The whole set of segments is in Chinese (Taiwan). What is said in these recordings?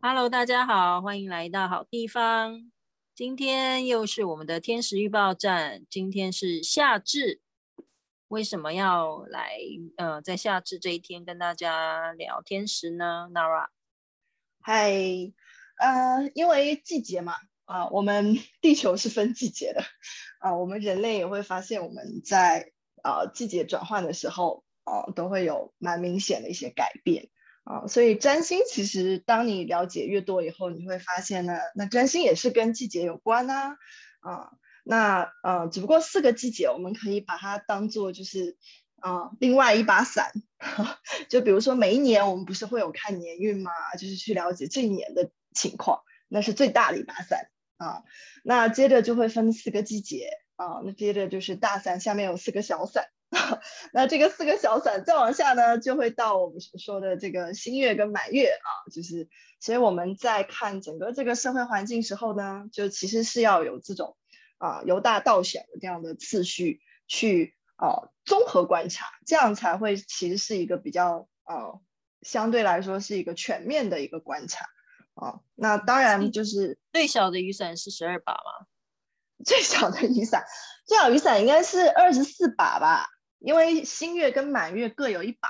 Hello，大家好，歡迎來到好地方。今天又是我們的天時預報站。今天是夏至，為什麼要來？呃，在夏至這一天跟大家聊天時呢？Nara，嗨，呃，因為季節嘛，啊、呃，我們地球是分季節的，啊、呃，我們人類也會發現我們在啊、呃、季節轉換的時候，啊、呃，都會有蠻明顯的一些改變。啊，所以占星其實，當你了解越多以後，你會發現呢，那占星也是跟季節有關吶、啊，啊，那呃、啊，只不過四個季節，我們可以把它當做就是，啊，另外一把傘，哈，就比如說每一年我們不是會有看年運嘛，就是去了解這一年的情況，那是最大的一把傘啊，那接着就會分四個季節啊，那接着就是大傘下面有四個小傘。 那這個四個小傘再往下呢，就會到我們所說的這個新月跟滿月啊，就是所以我們在看整個這個社會環境時候呢，就其實是要有這種啊由大到小的這樣的次序去啊綜合觀察，這樣才會其實是一個比較啊相對來說是一個全面的一個觀察啊。那當然就是最小的雨傘是十二把嗎？最小的雨傘，最小雨傘應該是二十四把吧。因為新月跟滿月各有一把，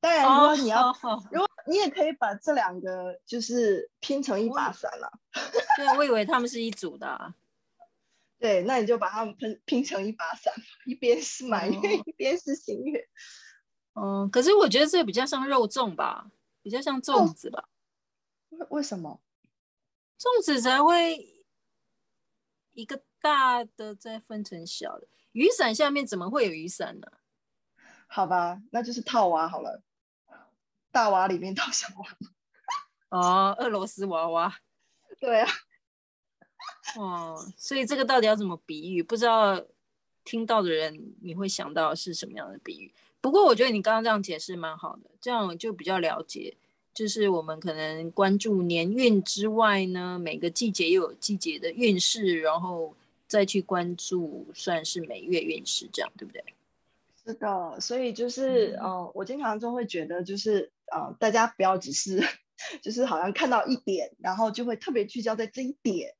當然說你要，oh, oh, oh. 如果你也可以把這兩個就是拼成一把傘了、啊。Oh. 對，我以為他們是一組的、啊。 對，那你就把它們拼拼成一把傘，一邊是滿月，oh. 一邊是新月。嗯，可是我覺得這比較像肉粽吧，比較像粽子吧。為、oh. 為什麼？粽子才會一個大的再分成小的。雨傘下面怎麼會有雨傘呢，啊？好吧，那就是套娃好了，大娃裡面套小娃。哦，俄羅斯娃娃。對啊。哦，所以這個到底要怎麼比喻？不知道聽到的人你會想到是什麼樣的比喻？不過我覺得你剛剛這樣解釋蠻好的，這樣就比較了解。就是我們可能關注年運之外呢，每個季節又有季節的運勢，然後。再去關注，算是每月運勢這樣，對不對？是的，所以就是，嗯，呃，我經常就會覺得，就是，嗯，呃，大家不要只是，就是好像看到一點，然後就會特別聚焦在這一點。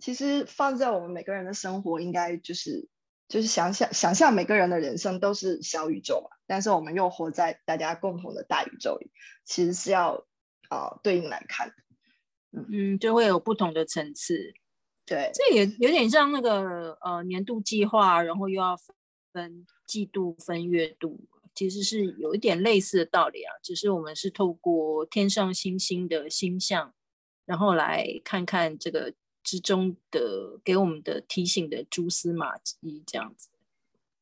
其實放在我們每個人的生活，應該就是，就是想想想象每個人的人生都是小宇宙嘛。但是我們又活在大家共同的大宇宙裡，其實是要，呃，對應來看的。嗯，就會有不同的層次。對，這也有點像那個呃年度計劃，然後又要分，分季度、分月度，其實是有一點類似的道理啊。只是我們是透過天上星星的星象，然後來看看這個之中的給我們的提醒的蛛絲馬跡這樣子。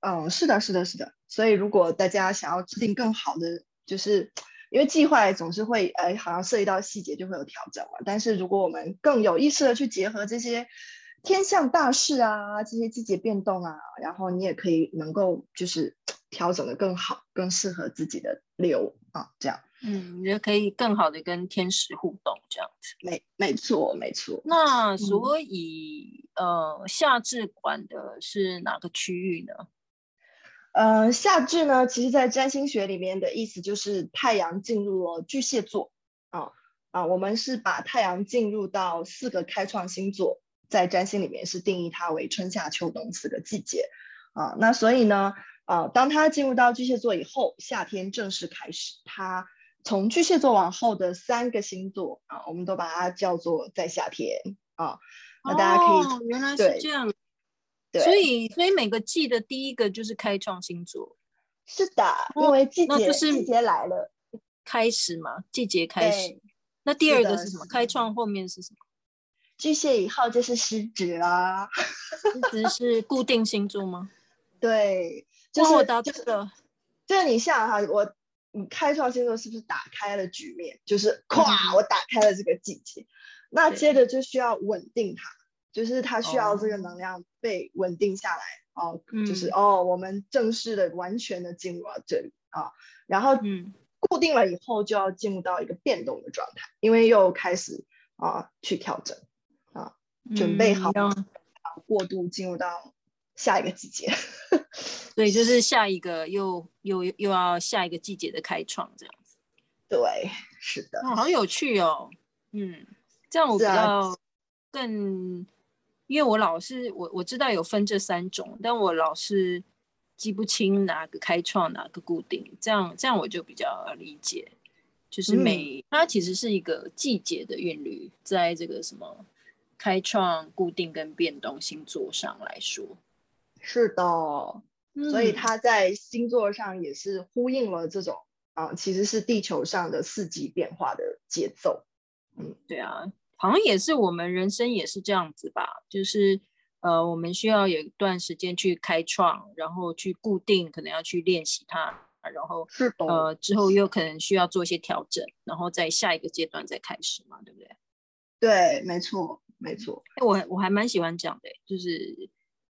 嗯，是的，是的，是的。所以如果大家想要制定更好的，就是。因為計劃總是會，哎，好像涉及到細節就會有調整嘛。但是如果我們更有意識的去結合這些天象大事啊，這些季節變動啊，然後你也可以能夠就是調整的更好，更適合自己的流啊，這樣。嗯，你覺得可以更好的跟天使互動，這樣子。沒，沒錯，沒錯。那所以，嗯、呃，夏至管的是哪個區域呢？呃，夏至呢，其實在占星學裡面的意思就是太陽進入了巨蟹座啊啊，我們是把太陽進入到四個開創星座，在占星裡面是定義它為春夏秋冬四個季節啊。那所以呢，啊，當它進入到巨蟹座以後，夏天正式開始。它從巨蟹座往後的三個星座啊，我們都把它叫做在夏天啊。那大家可以，哦，對，原來是這樣。所以，所以每個季的第一個就是開創星座，是的，因為季節、嗯，那就是、季節來了，開始嘛，季節開始。那第二個是什麼是是，開創後面是什麼？巨蟹以後就是獅子啦。獅 子是固定星座嗎？對，就是我答對了就是。就這你像哈，我你開創星座是不是打開了局面？就是咵、嗯，我打開了這個季節，那接着就需要穩定它。就是它需要這個能量被穩定下來哦，哦，就是、嗯、哦，我們正式的、完全的進入到、啊、這裡啊，然後固定了以後，就要進入到一個變動的狀態，因為又開始啊去調整啊、嗯，準備好要、啊、過渡進入到下一個季節，所 以就是下一個又又又要下一個季節的開創這樣子，對，是的、哦，好有趣哦，嗯，這樣我比較、啊、更。因為我老是我我知道有分這三種，但我老是記不清哪個開創哪個固定，這樣這樣我就比較理解，就是每、嗯、它其實是一個季節的韻律，在這個什麼開創、固定跟變動星座上來說，是的，所以它在星座上也是呼應了這種啊、嗯，其實是地球上的四季變化的節奏，嗯，對啊。好像也是我們人生也是這樣子吧，就是呃，我們需要有一段時間去開創，然後去固定，可能要去練習它，然後是、哦、呃之後又可能需要做一些調整，然後在下一個階段再開始嘛，對不對？對，沒錯，沒錯。我我還蠻喜歡講的，就是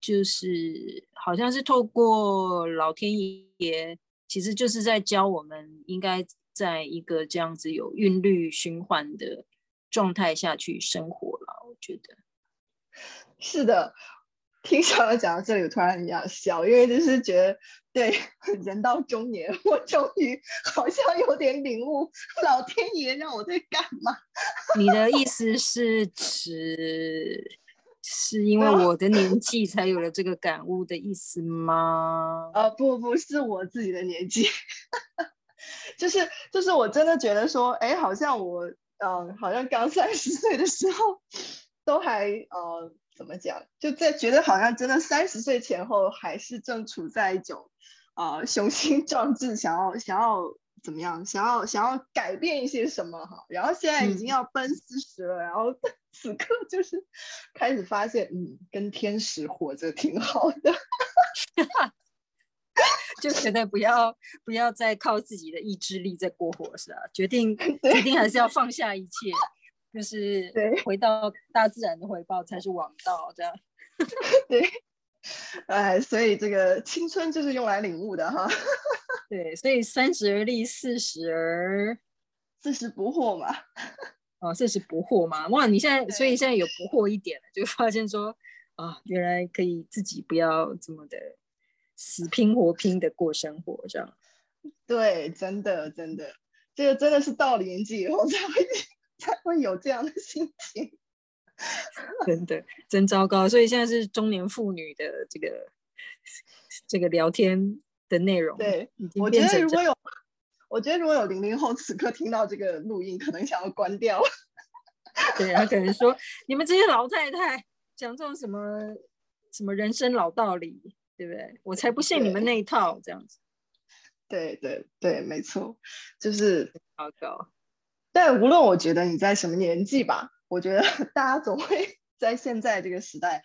就是好像是透過老天爺，其實就是在教我們應該在一個這樣子有韻律循環的、嗯。狀態下去生活了，我覺得是的。聽小樂講到這裡，我突然很想笑，因為就是覺得對人到中年，我終於好像有點領悟，老天爺讓我在幹嘛？你的意思是指 是因為我的年紀才有了這個感悟的意思嗎？啊、呃，不，不是我自己的年紀， 就是就是我真的覺得說，哎，好像我。嗯、呃，好像剛三十歲的時候，都還呃，怎麼講？就在覺得好像真的三十歲前後，還是正處在一種，呃，雄心壯志，想要想要怎麼樣，想要想要改變一些什麼哈。然後現在已經要奔四十了、嗯，然後此刻就是開始發現，嗯，跟天使活着挺好的。 就覺得不要不要再靠自己的意志力在過活是吧、啊？決定決定還是要放下一切對，就是回到大自然的懷抱才是王道。這樣對，哎，所以這個青春就是用來領悟的哈。對，所以三十而立四十而，四十而四十不惑嘛。哦，四十不惑嘛。哇，你現在所以現在有不惑一點了，就發現說啊、哦，原來可以自己不要這麼的。死拼活拼的過生活，這樣對，真的真的，這個真的是到年紀以後才會才會有這樣的心情， 真的真糟糕。所以現在是中年婦女的這個這個聊天的內容。對，我覺得如果有，我覺得如果有零零後此刻聽到這個錄音，可能想要關掉。 對，然後可能說 你們這些老太太講這種什麼什麼人生老道理。對不對？我才不信你們那一套這樣子。對對對，沒錯，就是好高，但無論我覺得你在什麼年紀吧，我覺得大家總會在現在這個時代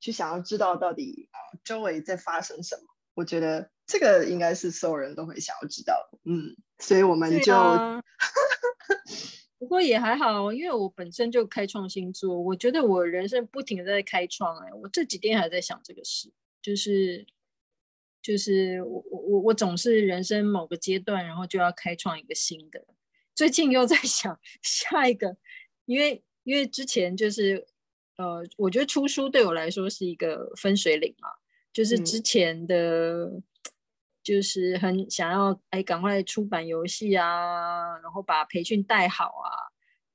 去想要知道到底啊周圍在發生什麼。我覺得這個應該是所有人都會想要知道。嗯，所以我們就、啊。 不過也還好，因為我本身就開創星座，我覺得我人生不停的在開創、欸。哎，我這幾天還在想這個事。就是就是我我我總是人生某個階段，然後就要開創一個新的。最近又在想下一個，因為因為之前就是呃，我覺得出書對我來說是一個分水嶺嘛，就是之前的、嗯、就是很想要哎，趕快、欸、出版遊戲啊，然後把培訓帶好啊，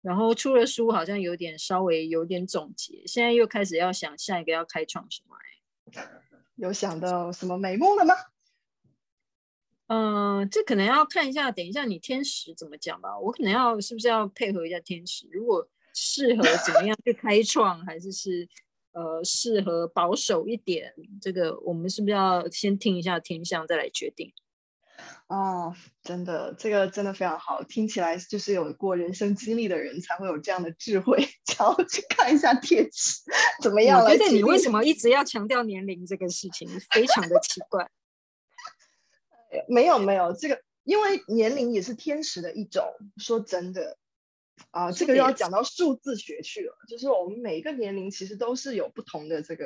然後出了書好像有點稍微有點總結，現在又開始要想下一個要開創什麼、欸有想到什麼美夢了嗎？嗯、呃，這可能要看一下，等一下你天使怎麼講吧。我可能要是不是要配合一下天使，如果適合怎麼樣去開創， 還是是呃適合保守一點。這個我們是不是要先聽一下天象再來決定？哦、oh，真的，這個真的非常好，聽起來就是有過人生經歷的人才會有這樣的智慧。想要去看一下天時怎麼樣了。我覺得你為什麼一直要強調年齡這個事情， 非常的奇怪。沒有沒有，這個因為年齡也是天時的一種。說真的，啊、呃，這個又要講到數字學去了。就是我們每一個年齡其實都是有不同的這個，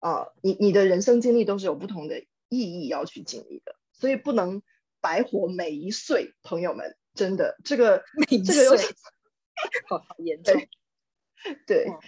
啊、呃，你你的人生經歷都是有不同的意義要去經歷的，所以不能。白活每一歲，朋友們，真的這個這個東西好嚴重。對，哦、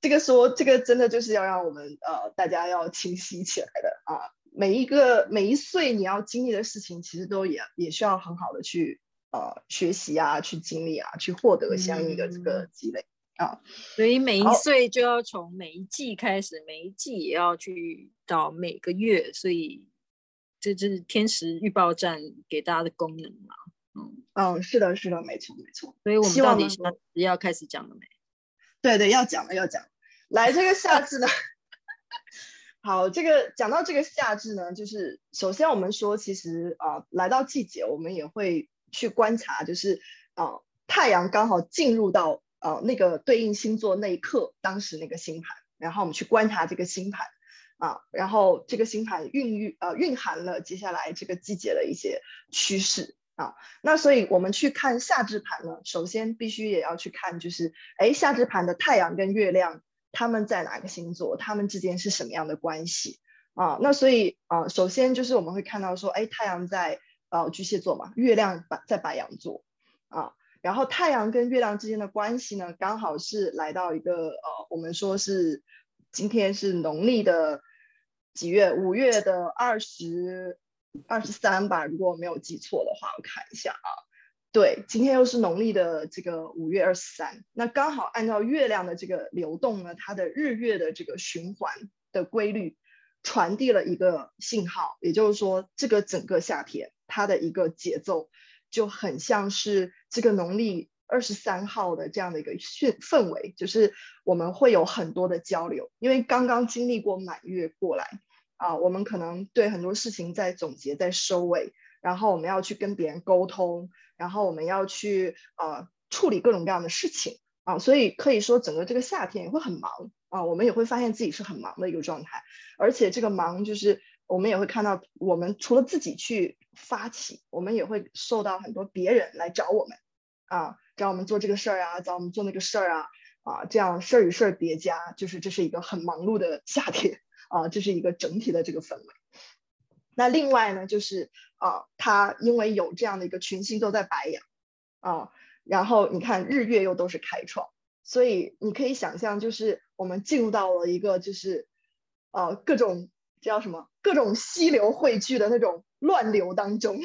這個說這個真的就是要讓我們呃大家要清晰起來的啊。每一個每一歲你要經歷的事情，其實都也也需要很好的去呃學習啊，去經歷啊，去獲得相應的這個積累、嗯、啊。所以每一歲就要從每一季開始，每一季也要去到每個月，所以。這就是天時預報站給大家的功能嘛？嗯，嗯是的，是的，沒錯，沒錯。所以我們到底是要開始講了沒？對對，要講了，要講。來，這個夏至呢？ 好，這個講到這個夏至呢，就是首先我們說，其實啊、呃，來到季節，我們也會去觀察，就是啊、呃，太陽剛好進入到啊、呃、那個對應星座那一刻，當時那個星盤，然後我們去觀察這個星盤。啊，然後這個星盤孕育，呃蘊含了接下來這個季節的一些趨勢啊，那所以我們去看夏至盤呢，首先必須也要去看，就是哎，夏至盤的太陽跟月亮他們在哪個星座，他們之間是什麼樣的關係啊？那所以啊，呃，首先就是我們會看到說，哎，太陽在呃巨蟹座嘛，月亮在白羊座啊，然後太陽跟月亮之間的關係呢，剛好是來到一個呃我們說是今天是農曆的。幾月？五月的二十二十三吧，如果我沒有記錯的話，我看一下啊。對，今天又是農曆的這個五月二十三，那剛好按照月亮的這個流動呢，它的日月的這個循環的規律，傳遞了一個信號，也就是說，這個整個夏天它的一個節奏就很像是這個農曆。二十三號的這樣的一個氛圍，就是我們會有很多的交流，因為剛剛經歷過滿月過來啊，我們可能對很多事情在總結、在收尾，然後我們要去跟別人溝通，然後我們要去啊處理各種各樣的事情啊，所以可以說整個這個夏天也會很忙啊，我們也會發現自己是很忙的一個狀態，而且這個忙就是我們也會看到，我們除了自己去發起，我們也會受到很多別人來找我們啊。讓我們做這個事兒啊，讓我們做那個事兒啊，啊，這樣事兒與事兒疊加，就是這是一個很忙碌的夏天啊，這是一個整體的這個氛圍。那另外呢，就是啊，它因為有這樣的一個群星都在白羊啊，然後你看日月又都是開創，所以你可以想象，就是我們進入到了一個就是，啊各種叫什麼各種溪流匯聚的那種亂流當中，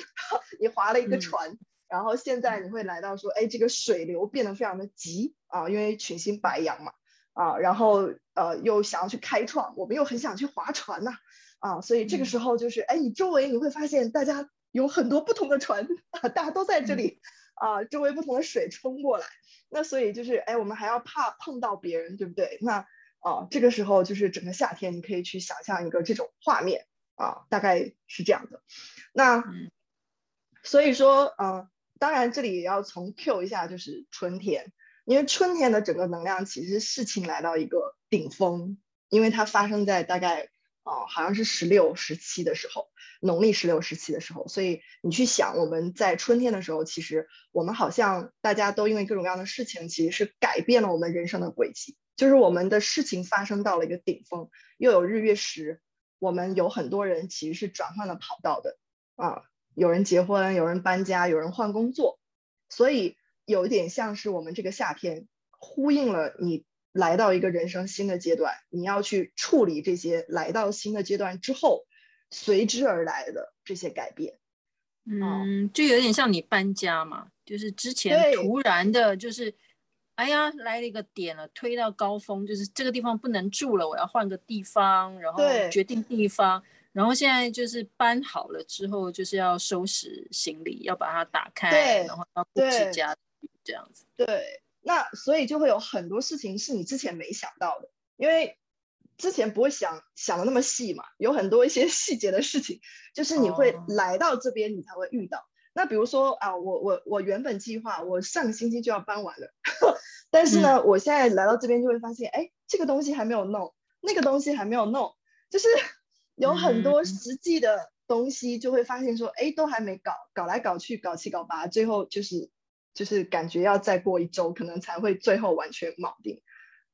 你划了一個船。嗯然後現在你會來到說，哎，這個水流變得非常的急啊，因為群星白羊嘛，啊，然後呃又想要去開創，我們又很想去划船吶、啊，啊，所以這個時候就是，嗯、哎，你周圍你會發現大家有很多不同的船，啊、大家都在這裡、嗯，啊，周圍不同的水衝過來，那所以就是，哎，我們還要怕碰到別人，對不對？那啊，這個時候就是整個夏天，你可以去想象一個這種畫面啊，大概是這樣的。那、嗯、所以說，啊。當然，這裡也要從 cue 一下，就是春天，因為春天的整個能量其實事情來到一個頂峰，因為它發生在大概啊、呃、好像是十六、十七的時候，農曆十六、十七的時候，所以你去想，我們在春天的時候，其實我們好像大家都因為各種各樣的事情，其實是改變了我們人生的軌跡，就是我們的事情發生到了一個頂峰，又有日月食，我們有很多人其實是轉換了跑道的啊。有人結婚，有人搬家，有人換工作，所以有一點像是我們這個夏天，呼應了你來到一個人生新的階段，你要去處理這些來到新的階段之後隨之而來的這些改變。嗯，就有點像你搬家嘛，就是之前突然的，就是哎呀來了一個點了，推到高峰，就是這個地方不能住了，我要換個地方，然後決定地方。然後現在就是搬好了之後，就是要收拾行李，要把它打開，對，然後要布置家具這樣子。對，那所以就會有很多事情是你之前沒想到的，因為之前不會想想的那麼細嘛，有很多一些細節的事情，就是你會來到這邊你才會遇到。哦，那比如說啊，我我我原本計劃我上個星期就要搬完了，但是呢，嗯，我現在來到這邊就會發現，哎，這個東西還沒有弄，那個東西還沒有弄，就是。有很多實際的東西，就會發現說，哎、嗯，都還沒搞，搞來搞去，搞七搞八，最後就是，就是感覺要再過一周，可能才會最後完全搞定。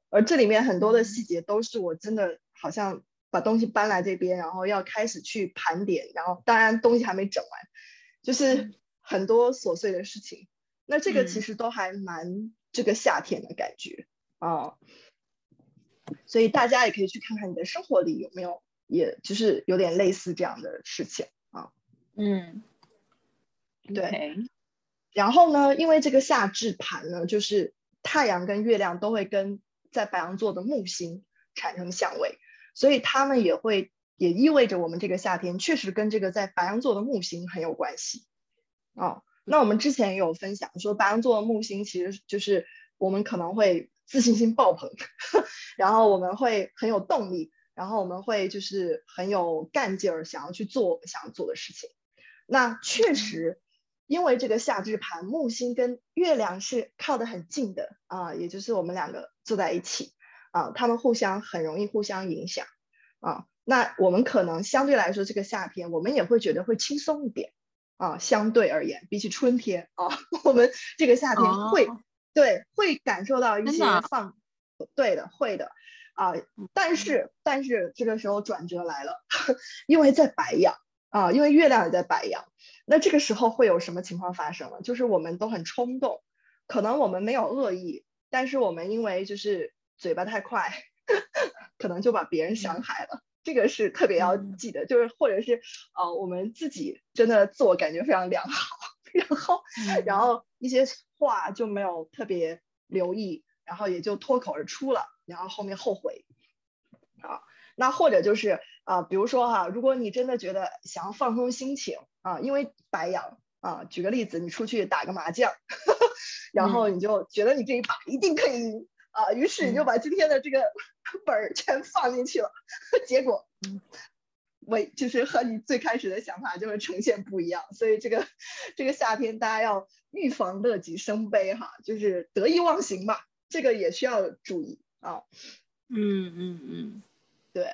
而這裡面很多的細節，都是我真的好像把東西搬來這邊，然後要開始去盤點，然後當然東西還沒整完，就是很多瑣碎的事情。嗯、那這個其實都還蠻這個夏天的感覺啊、嗯哦，所以大家也可以去看看你的生活裡有沒有。也就是有點類似這樣的事情啊，嗯，對。Okay. 然後呢，因為這個夏至盤呢，就是太陽跟月亮都會跟在白羊座的木星產生相位，所以他們也會也意味着我們這個夏天確實跟這個在白羊座的木星很有關係。啊、哦，那我們之前也有分享說，白羊座的木星其實就是我們可能會自信心爆棚呵，然後我們會很有動力。然後我們會就是很有幹勁兒，想要去做我們想要做的事情。那確實，因為這個夏至盤，木星跟月亮是靠得很近的啊，也就是我們兩個坐在一起啊，他們互相很容易互相影響啊。那我們可能相對來說，這個夏天我們也會覺得會輕鬆一點啊，相對而言，比起春天啊，我們這個夏天會、oh. 對會感受到一些放、oh. 對的會的。啊，但是但是這個時候轉折來了，因為在白羊啊，因為月亮也在白羊，那這個時候會有什麼情況發生了？就是我們都很衝動，可能我們沒有惡意，但是我們因為就是嘴巴太快，可能就把別人傷害了、嗯。這個是特別要記得，就是或者是啊、呃，我們自己真的自我感覺非常良好，然後、嗯、然後一些話就沒有特別留意，然後也就脫口而出了。然後後面後悔，啊，那或者就是啊，比如說哈、啊，如果你真的覺得想要放鬆心情啊，因為白羊啊，舉個例子，你出去打個麻將，呵呵然後你就覺得你這一把一定可以贏啊，於是你就把今天的這個本兒全放進去了、嗯，結果，嗯，我就是和你最開始的想法就是呈現不一樣，所以這個這個夏天大家要預防樂極生悲哈、啊，就是得意忘形嘛，這個也需要注意。哦，嗯嗯嗯，對，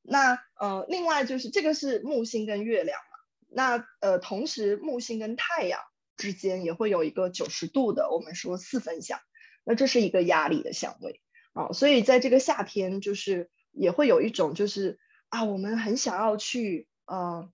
那呃，另外就是這個是木星跟月亮嘛，那呃，同時木星跟太陽之間也會有一個九十度的，我們說四分相，那這是一個壓力的相位啊，所以在這個夏天，就是也會有一種就是啊，我們很想要去呃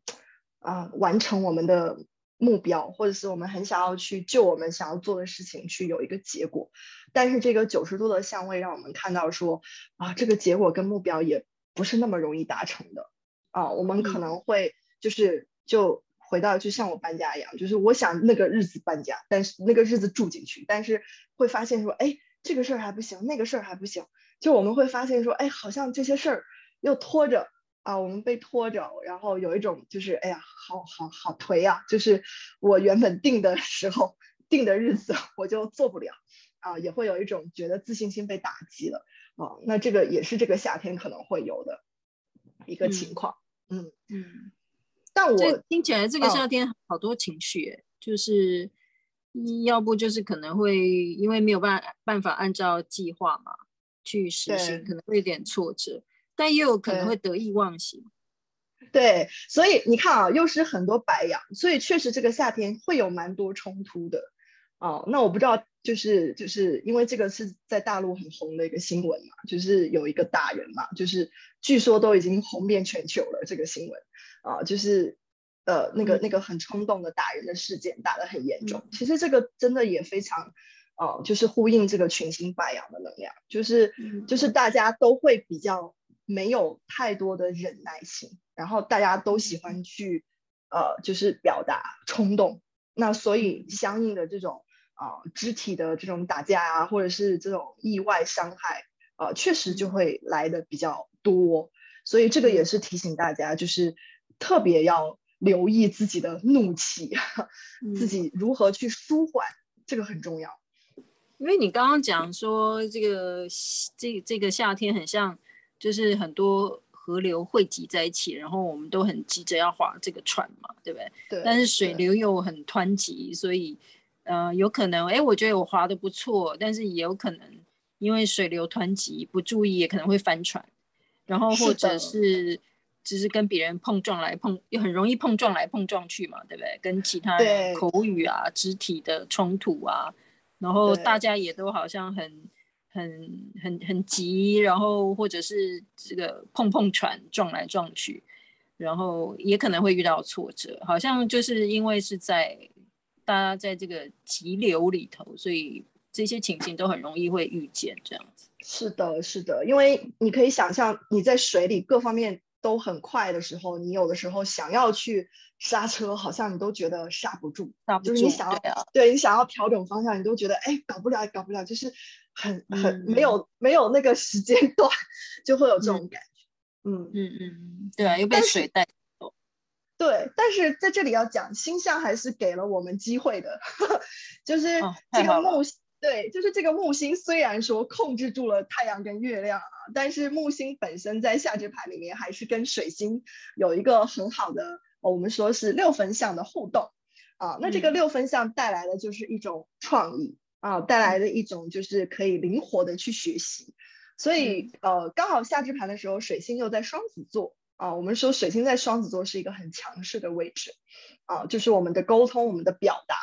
啊、呃、完成我們的。目標，或者是我們很想要去就我們想要做的事情，去有一個結果，但是這個九十度的相位讓我們看到說，啊，這個結果跟目標也不是那麼容易達成的，啊，我們可能會就是就回到就像我搬家一樣，嗯、就是我想那個日子搬家，但是那個日子住進去，但是會發現說，哎，這個事兒還不行，那個事兒還不行，就我們會發現說，哎，好像這些事兒又拖着。啊，我們被拖着，然後有一種就是，哎呀，好好好頹啊！就是我原本定的時候定的日子，我就做不了啊，也會有一種覺得自信心被打擊了啊。那這個也是這個夏天可能會有的一個情況，嗯嗯，嗯。但我聽起來這個夏天好多情緒，哦，就是要不就是可能會因為沒有辦法辦法按照計劃嘛去實行，可能會有點挫折。但又有可能會得意忘形，yeah. 對，所以你看啊，又是很多白羊，所以確實這個夏天會有蠻多衝突的。哦、呃，那我不知道，就是就是因為這個是在大陸很紅的一個新聞嘛，就是有一個打人嘛，就是據說都已經紅遍全球了。這個新聞啊、呃，就是呃那個那個很衝動的打人的事件，mm. 打得很嚴重。Mm. 其實這個真的也非常，哦、呃，就是呼應這個群星白羊的能量，就是就是大家都會比較。沒有太多的忍耐性，然後大家都喜歡去，嗯、呃，就是表達衝動，那所以相應的這種啊、呃，肢體的這種打架啊，或者是這種意外傷害，啊、呃，確實就會來的比較多。所以這個也是提醒大家，就是特別要留意自己的怒氣、嗯，自己如何去舒緩，這個很重要。因為你剛剛講說、這個，這個這這個夏天很像。就是很多河流匯集在一起，然後我們都很急着要劃這個船嘛，對不對？對。但是水流又很湍急，所以，呃，有可能，哎，我覺得我划得不錯，但是也有可能，因為水流湍急，不注意也可能會翻船。然後或者是，就是，是跟別人碰撞來碰，又很容易碰撞來碰撞去嘛，對不對？跟其他人口語啊、肢體的衝突啊，然後大家也都好像很。很很很急，然後或者是這個碰碰船撞來撞去，然後也可能會遇到挫折。好像就是因為是在大家在這個急流裡頭，所以這些情形都很容易會遇見這樣子。是的，是的，因為你可以想象你在水裡各方面都很快的時候，你有的時候想要去剎車，好像你都覺得剎不住，剎不住就是你想要，對啊，對，你想要調整方向，你都覺得哎搞不了，搞不了，就是。很很沒有、嗯、沒有那個時間段，就會有這種感覺。嗯嗯嗯嗯，對、嗯、啊、嗯嗯嗯嗯嗯，又被水帶走。對，但是在這裡要講，星象還是給了我們機會的。呵呵就是這個木星、哦，對，就是這個木星雖然說控制住了太陽跟月亮啊，但是木星本身在夏至盤裡面還是跟水星有一個很好的，我們說是六分相的互動啊、嗯。那這個六分相帶來的就是一種創意。啊，帶來的一種就是可以靈活的去學習，所以、嗯、呃，剛好夏至盤的時候，水星又在雙子座啊。我們說水星在雙子座是一個很強勢的位置啊，就是我們的溝通、我們的表達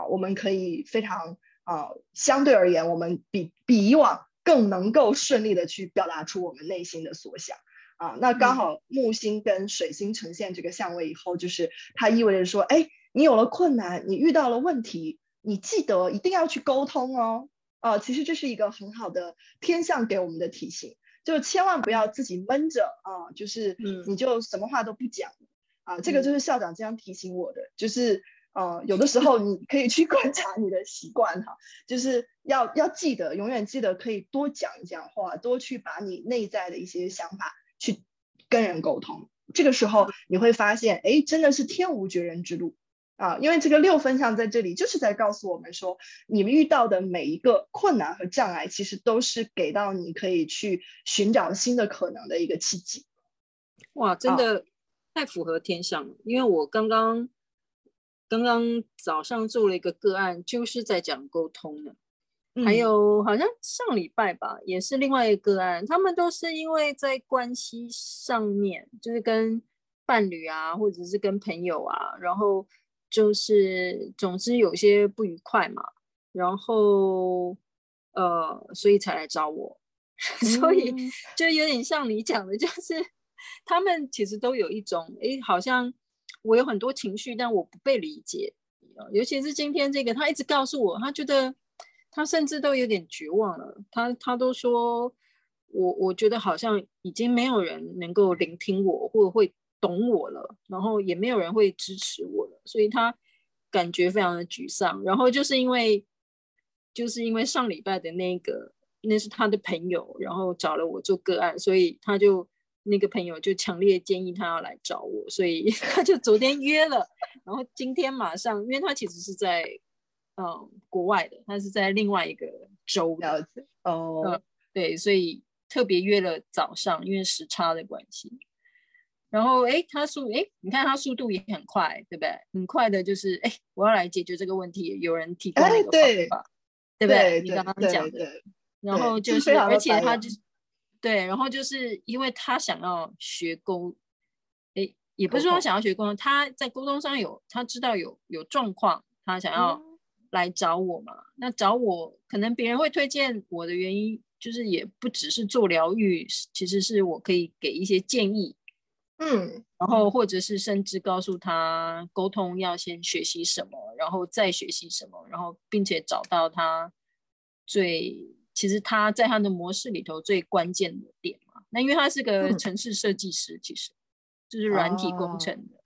啊，我們可以非常啊，相對而言，我們比比以往更能夠順利的去表達出我們內心的所想啊。那剛好木星跟水星呈現這個相位以後，就是它意味着說，哎，你有了困難，你遇到了問題。你記得一定要去溝通哦，啊，其實這是一個很好的天象給我們的提醒，就千萬不要自己悶着啊，就是，你就什麼話都不講、嗯、啊，這個就是校長這樣提醒我的，嗯、就是，呃、啊，有的時候你可以去觀察你的習慣哈、啊，就是要要記得，永遠記得可以多講一講話，多去把你內在的一些想法去跟人溝通，這個時候你會發現，哎，真的是天無絕人之路。啊，因為這個六分相在這裡就是在告訴我們說，你們遇到的每一個困難和障礙，其實都是給到你可以去尋找新的可能的一個契機。哇，真的、哦、太符合天象了，因為我剛剛剛剛早上做了一個個案，就是在講溝通的、嗯，還有好像上禮拜吧，也是另外一個個案，他們都是因為在關係上面，就是跟伴侶啊，或者是跟朋友啊，然後。就是，總之有些不愉快嘛，然後，呃，所以才來找我， 所以就有點像你講的，就是他們其實都有一種，哎，好像我有很多情緒，但我不被理解。尤其是今天這個，他一直告訴我，他覺得他甚至都有點絕望了。他他都說，我我覺得好像已經沒有人能夠聆聽我，或者會。懂我了，然後也沒有人會支持我了，所以他感覺非常的沮喪。然後就是因為，就是因為上禮拜的那個，那是他的朋友，然後找了我做個案，所以他就那個朋友就強烈建議他要來找我，所以他就昨天約了， 然後今天馬上，因為他其實是在嗯國外的，他是在另外一個州的哦、oh. 嗯，對，所以特別約了早上，因為時差的關係。然後哎，他速哎，你看他速度也很快，對不對？很快的就是哎，我要來解決這個問題。有人提供那個方法，對，對不對，對，對？你剛剛講的。對對對然後就是對，而且他就是對，然後就是因為他想要學溝誒，哎，也不是我想要學溝通，他在溝通上有他知道有有狀況，他想要來找我嘛。嗯，那找我可能別人會推薦我的原因，就是也不只是做療癒，其實是我可以給一些建議。嗯，然後或者是甚至告訴他溝通要先學習什麼，然後再學習什麼，然後並且找到他最其實他在他的模式裡頭最關鍵的點嘛。那因為他是個程式設計師，其實、嗯、就是軟體工程的，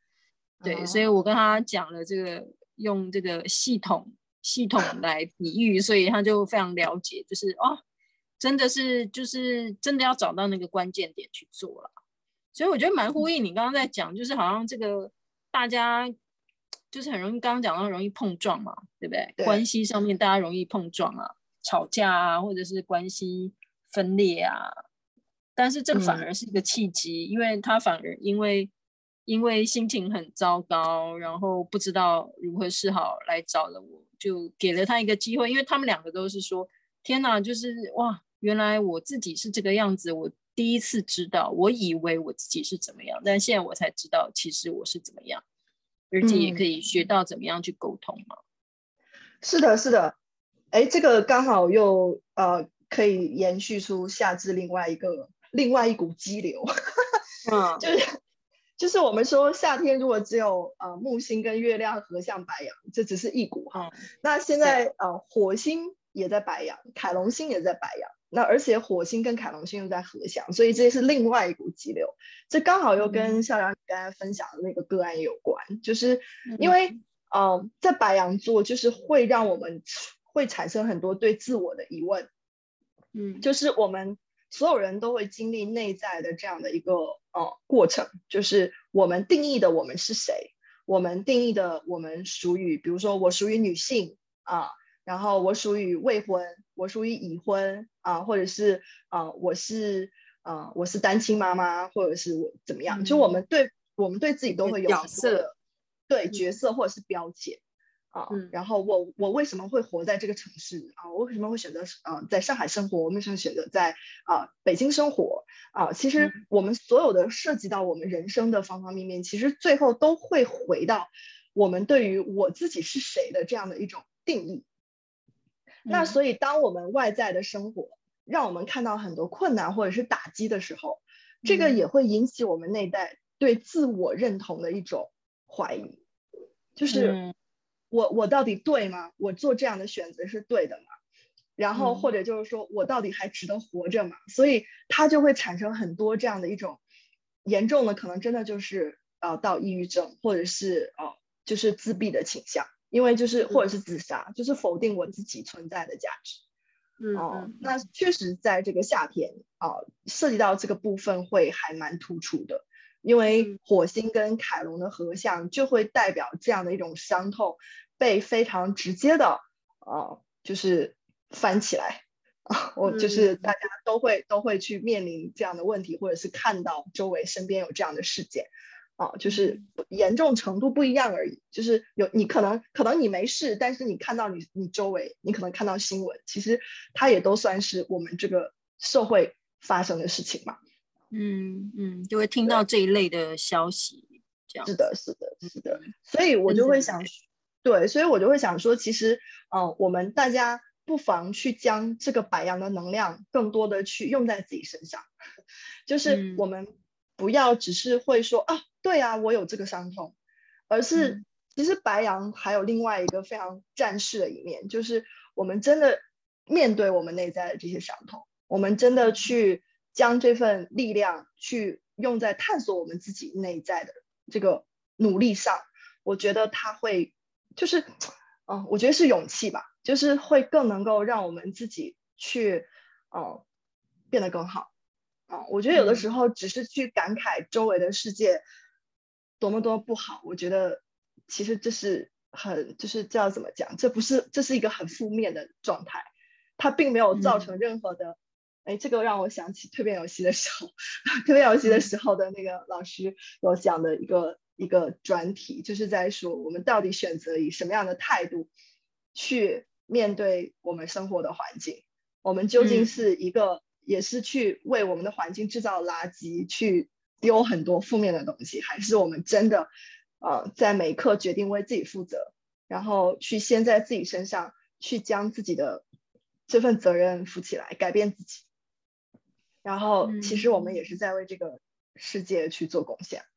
哦、對、哦，所以我跟他講了這個用這個系統系統來比喻，所以他就非常了解，就是哦，真的是就是真的要找到那個關鍵點去做了。所以我覺得蠻呼應你剛剛在講，就是好像這個大家就是很容易剛剛講到容易碰撞嘛，對不對？對。關係上面大家容易碰撞啊，吵架啊，或者是關係分裂啊。但是這個反而是一個契機，嗯、因為他反而因為因為心情很糟糕，然後不知道如何是好，來找了我，就給了他一個機會。因為他們兩個都是說，天哪，就是哇，原來我自己是這個樣子，我。第一次知道，我以為我自己是怎麼樣，但現在我才知道，其實我是怎麼樣，而且也可以學到怎麼樣去溝通嘛、嗯。是的，是的，哎，這個剛好又呃可以延續出夏至另外一個另外一股激流， 嗯，就是就是我們說夏天如果只有呃木星跟月亮合相白羊，這只是一股哈、嗯，那現在呃火星也在白羊，凱龍星也在白羊。那而且火星跟凱龍星又在合相，所以這是另外一股激流。這剛好又跟校長你剛才分享的那個個案有關，嗯、就是因為，嗯、呃，在白羊座就是會讓我們會產生很多對自我的疑問。嗯，就是我們所有人都會經歷內在的這樣的一個，嗯、呃，過程，就是我們定義的我們是誰，我們定義的我們屬於，比如說我屬於女性啊。呃然後我屬於未婚，我屬於已婚啊，或者是啊、呃，我是啊、呃，我是單親媽媽，或者是我怎麼樣？嗯、就我們對我們對自己都會有角色、色，對、嗯、角色或者是標籤啊。然後我我為什麼會活在這個城市啊？我為什麼會選擇呃、啊、在上海生活？我為什麼選擇在啊北京生活啊？其實我們所有的涉及到我們人生的方方面面、嗯，其實最後都會回到我們對於我自己是誰的這樣的一種定義。那所以，當我們外在的生活讓我們看到很多困難或者是打擊的時候，嗯、這個也會引起我們內在對自我認同的一種懷疑，就是我、嗯、我到底對嗎？我做這樣的選擇是對的嗎？然後或者就是說我到底還值得活着嗎？嗯、所以他就會產生很多這樣的一種嚴重的，可能真的就是呃到抑鬱症，或者是呃就是自閉的傾向。因為就是，或者是自殺、嗯，就是否定我自己存在的價值。哦、嗯啊，那確實在這個夏天啊，涉及到這個部分會還蠻突出的，因為火星跟凱龍的合相就會代表這樣的一種傷痛，被非常直接的啊，就是翻起來。我、啊、就是大家都會、嗯、都會去面臨這樣的問題，或者是看到周圍身邊有這樣的事件。哦，就是嚴重程度不一樣而已，就是有你可能可能你沒事，但是你看到你你周圍，你可能看到新聞，其實它也都算是我們這個社會發生的事情嘛。嗯嗯，就會聽到這一類的消息，這樣。是的，是的，是的。嗯、所以我就會想、嗯，對，所以我就會想說，其實、呃、我們大家不妨去將這個白羊的能量更多的去用在自己身上， 就是我們不要只是會說啊。嗯對啊，我有這個傷痛，而是、嗯、其實白羊還有另外一個非常戰士的一面，就是我們真的面對我們內在的這些傷痛，我們真的去將這份力量去用在探索我們自己內在的這個努力上。我覺得它會就是，嗯、呃，我覺得是勇氣吧，就是會更能夠讓我們自己去，嗯、呃，變得更好。嗯、呃，我覺得有的時候只是去感慨周圍的世界。嗯多麼多麼不好！我覺得，其實這是很，就是這要怎麼講，這不是這是一個很負面的狀態，它並沒有造成任何的。哎、嗯，這個讓我想起蛻變遊戲的時候，蛻變遊戲的時候的那個老師所講的一個、嗯、一個專題，就是在說我們到底選擇以什麼樣的態度去面對我們生活的環境，我們究竟是一個也是去為我們的環境製造垃圾、嗯、去。丟很多負面的東西，還是我們真的，呃，在每一刻決定為自己負責，然後去先在自己身上去將自己的這份責任負起來，改變自己，然後其實我們也是在為這個世界去做貢獻、嗯，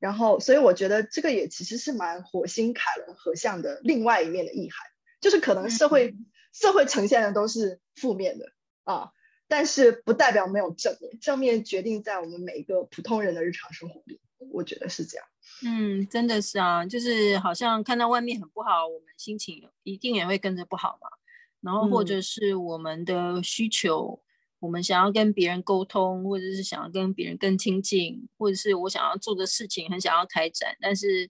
然後所以我覺得這個也其實是蠻火星凱龍合相的另外一面的意涵，就是可能社會、嗯、社會呈現的都是負面的啊。但是不代表沒有正面，正面決定在我們每一個普通人的日常生活裡，我覺得是這樣。嗯，真的是啊，就是好像看到外面很不好，我們心情一定也會跟着不好嘛。然後或者是我們的需求，嗯、我們想要跟別人溝通，或者是想要跟別人更親近,或者是我想要做的事情很想要開展，但是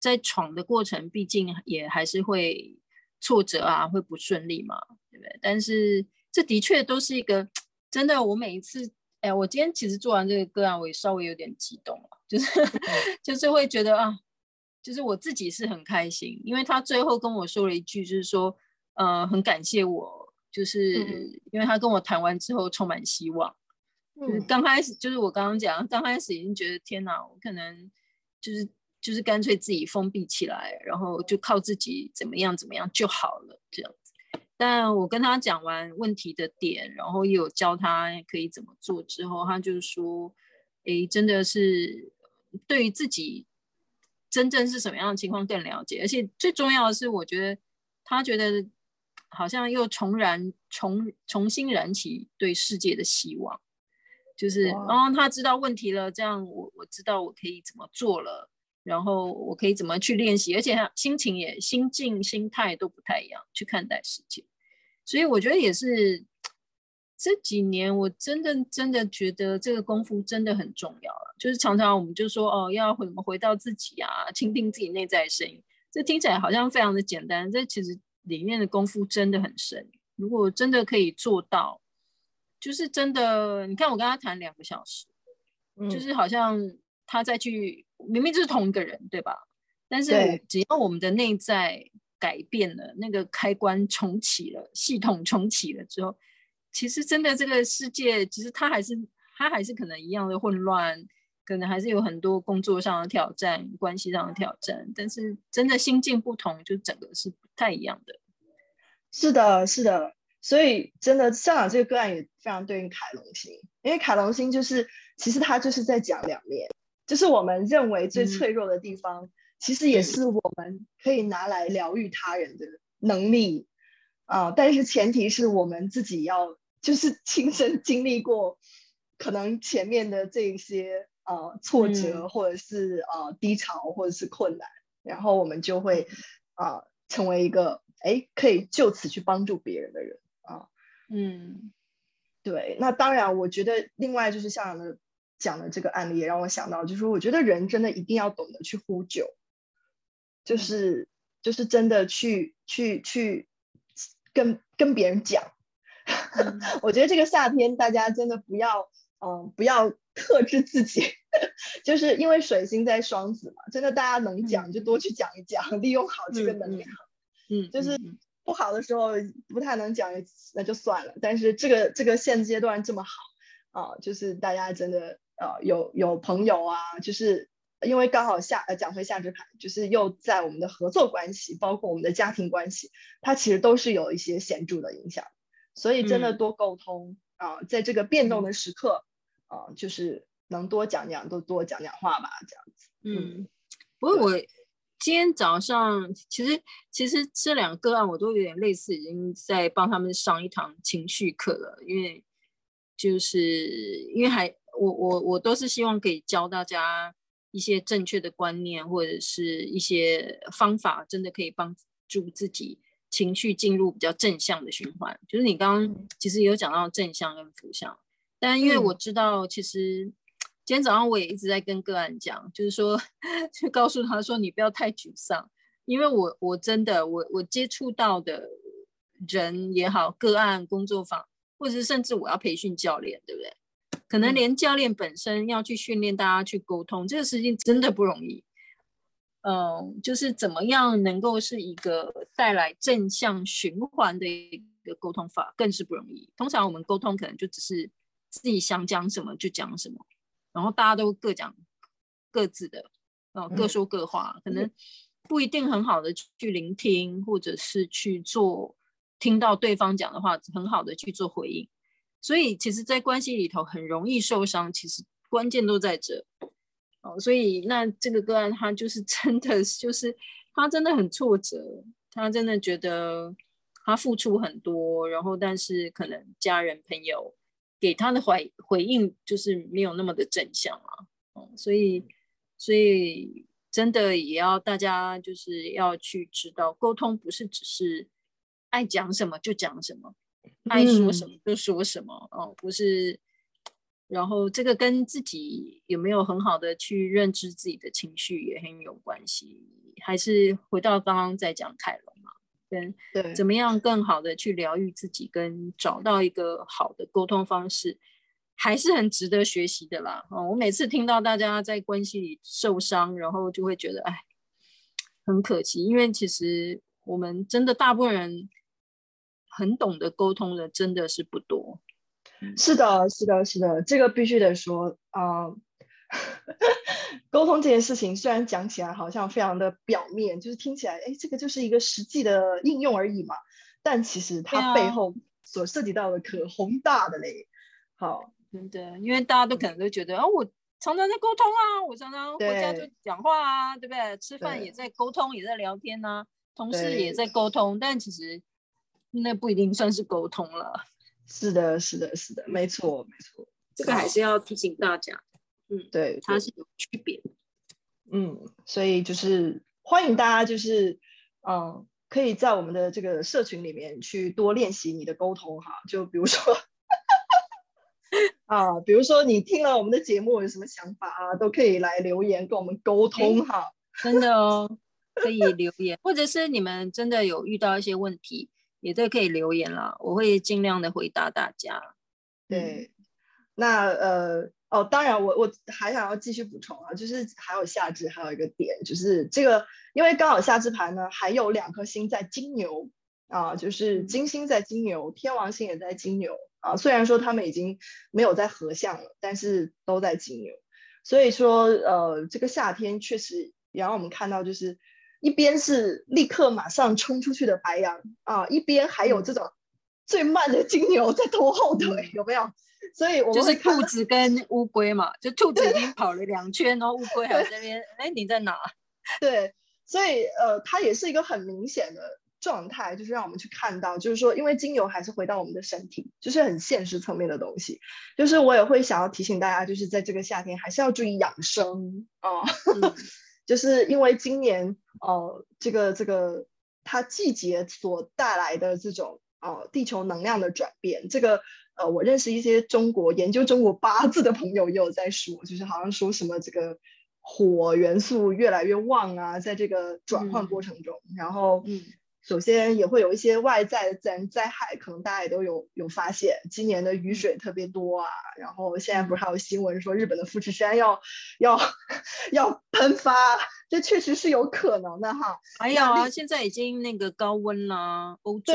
在闖的過程，畢竟也還是會挫折啊，會不順利嘛，對不對？但是。這的確都是一個真的。我每一次，哎呀，我今天其實做完這個個案、啊，我也稍微有點激動了就是、嗯、 就是會覺得啊，就是我自己是很開心，因為他最後跟我說了一句，就是說，呃，很感謝我，就是、嗯、因為他跟我談完之後充滿希望。嗯，就是、剛開始就是我剛剛講，剛開始已經覺得天哪，我可能就是就是乾脆自己封閉起來，然後就靠自己怎麼樣怎麼樣就好了，這樣。但我跟他講完問題的點，然後也有教他可以怎麼做之後，他就說，哎，真的是對於自己真正是什麼樣的情況更了解，而且最重要的是，我覺得他覺得好像又重燃、重重新燃起對世界的希望，就是、wow. 哦，他知道問題了，這樣我我知道我可以怎麼做了。然後我可以怎麼去練習，而且心情也心境、心態都不太一樣去看待世界，所以我覺得也是這幾年，我真的真的覺得這個功夫真的很重要了。就是常常我們就說哦，要回回到自己啊，傾聽自己內在的聲音。這聽起來好像非常的簡單，這其實裡面的功夫真的很深。如果真的可以做到，就是真的，你看我跟他談兩個小時，就是好像他再去。嗯明明就是同一個人，對吧？但是只要我們的內在改變了，那個開關重啟了，系統重啟了之後，其實真的這個世界，其實他還是他還是可能一樣的混亂，可能還是有很多工作上的挑戰、關係上的挑戰，但是真的心境不同，就整個是不太一樣的。是的，是的。所以真的，上海這個個案也非常對應凱龍星，因為凱龍星就是其實他就是在講兩面。就是我們認為最脆弱的地方、嗯，其實也是我們可以拿來療癒他人的能力啊、呃。但是前提是我們自己要就是親身經歷過，可能前面的這些呃挫折或者是、嗯、呃低潮或者是困難，然後我們就會啊、嗯呃、成為一個哎可以就此去幫助別人的人啊、呃。嗯，對。那當然，我覺得另外就是像。講的這個案例也讓我想到，就是說我覺得人真的一定要懂得去呼救，就是、嗯、就是真的去去去跟跟別人講、 嗯。我覺得這個夏天大家真的不要嗯、呃、不要克制自己， 就是因為水星在雙子嘛，真的大家能講就多去講一講，嗯、利用好這個能量。嗯，嗯，嗯，就是不好的時候不太能講，那就算了。但是這個這個現階段這麼好啊、呃，就是大家真的。呃，有有朋友啊，就是因為剛好下呃講回夏至盤，就是又在我們的合作關係，包括我們的家庭關係，它其實都是有一些顯著的影響。所以真的多溝通啊、嗯呃，在這個變動的時刻啊、嗯呃，就是能多講講，都多講講話吧，這樣子。嗯，嗯不過我今天早上其實其實這兩個個案我都有點類似，已經在幫他們上一堂情緒課了，因為就是因為還。我我我都是希望可以教大家一些正確的觀念，或者是一些方法，真的可以幫助自己情緒進入比較正向的循環。就是你剛剛其實有講到正向跟負向，但因為我知道，其實今天早上我也一直在跟個案講，嗯，就是說就告訴他說你不要太沮喪，因為我我真的我我接觸到的人也好，個案工作坊，或者是甚至我要培訓教練，對不對？可能連教練本身要去訓練大家去溝通，這個事情真的不容易。嗯，就是怎麼樣能夠是一個帶來正向循環的一個溝通法，更是不容易。通常我們溝通可能就只是自己想講什麼就講什麼，然後大家都各講各自的，嗯，各說各話，可能不一定很好的去聆聽，或者是去做聽到對方講的話，很好的去做回應。所以，其實，在關係裡頭很容易受傷。其實，關鍵都在這。哦，所以，那這個個案，他就是真的，就是他真的很挫折，他真的覺得他付出很多，然後，但是可能家人、朋友給他的回回應，就是沒有那麼的正向啊。哦，所以，所以真的也要大家，就是要去知道，溝通不是只是愛講什麼就講什麼。嗯，愛說什麼就說什麼哦，不是。然後這個跟自己有沒有很好的去認知自己的情緒也很有關係。還是回到剛剛在講凱龍嘛，跟怎麼樣更好的去療癒自己，跟找到一個好的溝通方式，還是很值得學習的啦。哦，我每次聽到大家在關係裡受傷，然後就會覺得哎，很可惜，因為其實我們真的大部分人。很懂得溝通的真的是不多，是的，是的，是的，這個必須得說啊。嗯、 溝通這件事情雖然講起來好像非常的表面，就是聽起來哎，這個就是一個實際的應用而已嘛，但其實它背後所涉及到的可宏大的嘞、啊。好，真對，因為大家都可能都覺得啊、嗯哦，我常常在溝通啊，我常常回家就講話啊，對，對不對？吃飯也在溝通，也在聊天吶、啊，同事也在溝通，但其實。那不一定算是溝通了。是的，是的，是的，沒錯，沒錯。這個還是要提醒大家，嗯，嗯對，對，它是有區別的。嗯，所以就是歡迎大家，就是嗯，嗯，可以在我們的這個社群裡面去多練習你的溝通哈。就比如說， 啊，比如說你聽了我們的節目有什麼想法啊，都可以來留言跟我們溝通哈。真的哦，可以留言， 或者是你們真的有遇到一些問題。也都可以留言啦，我會盡量的回答大家。對，那呃，哦，當然我，我我還想要繼續補充啊，就是還有夏至還有一個點，就是這個，因為剛好夏至盤呢，還有兩顆星在金牛啊，就是金星在金牛，天王星也在金牛啊。雖然說他們已經沒有在合相了，但是都在金牛，所以說呃，這個夏天確實，也讓我們看到就是。一邊是立刻馬上衝出去的白羊啊，一邊還有這種最慢的金牛在拖後腿，有沒有？所以我們就是兔子跟烏龜嘛，就兔子已經跑了兩圈，對對然後烏龜還在那邊。哎，你在哪？對，所以呃，它也是一個很明顯的狀態，就是讓我們去看到，就是說，因為金牛還是回到我們的身體，就是很現實層面的東西。就是我也會想要提醒大家，就是在這個夏天，還是要注意養生啊。哦 嗯就是因為今年，呃，這個這個它季節所帶來的這種，呃，地球能量的轉變，這個，呃，我認識一些中國研究中國八字的朋友也有在說，就是好像說什麼這個火元素越來越旺啊，在這個轉換過程中，嗯、然後。嗯首先也會有一些外在的自然災害，可能大家也都有有發現，今年的雨水特別多啊。然後現在不是還有新聞說日本的富士山要，嗯、要要噴發，這確實是有可能的哈。還有啊，現在已經那個高溫啦，歐洲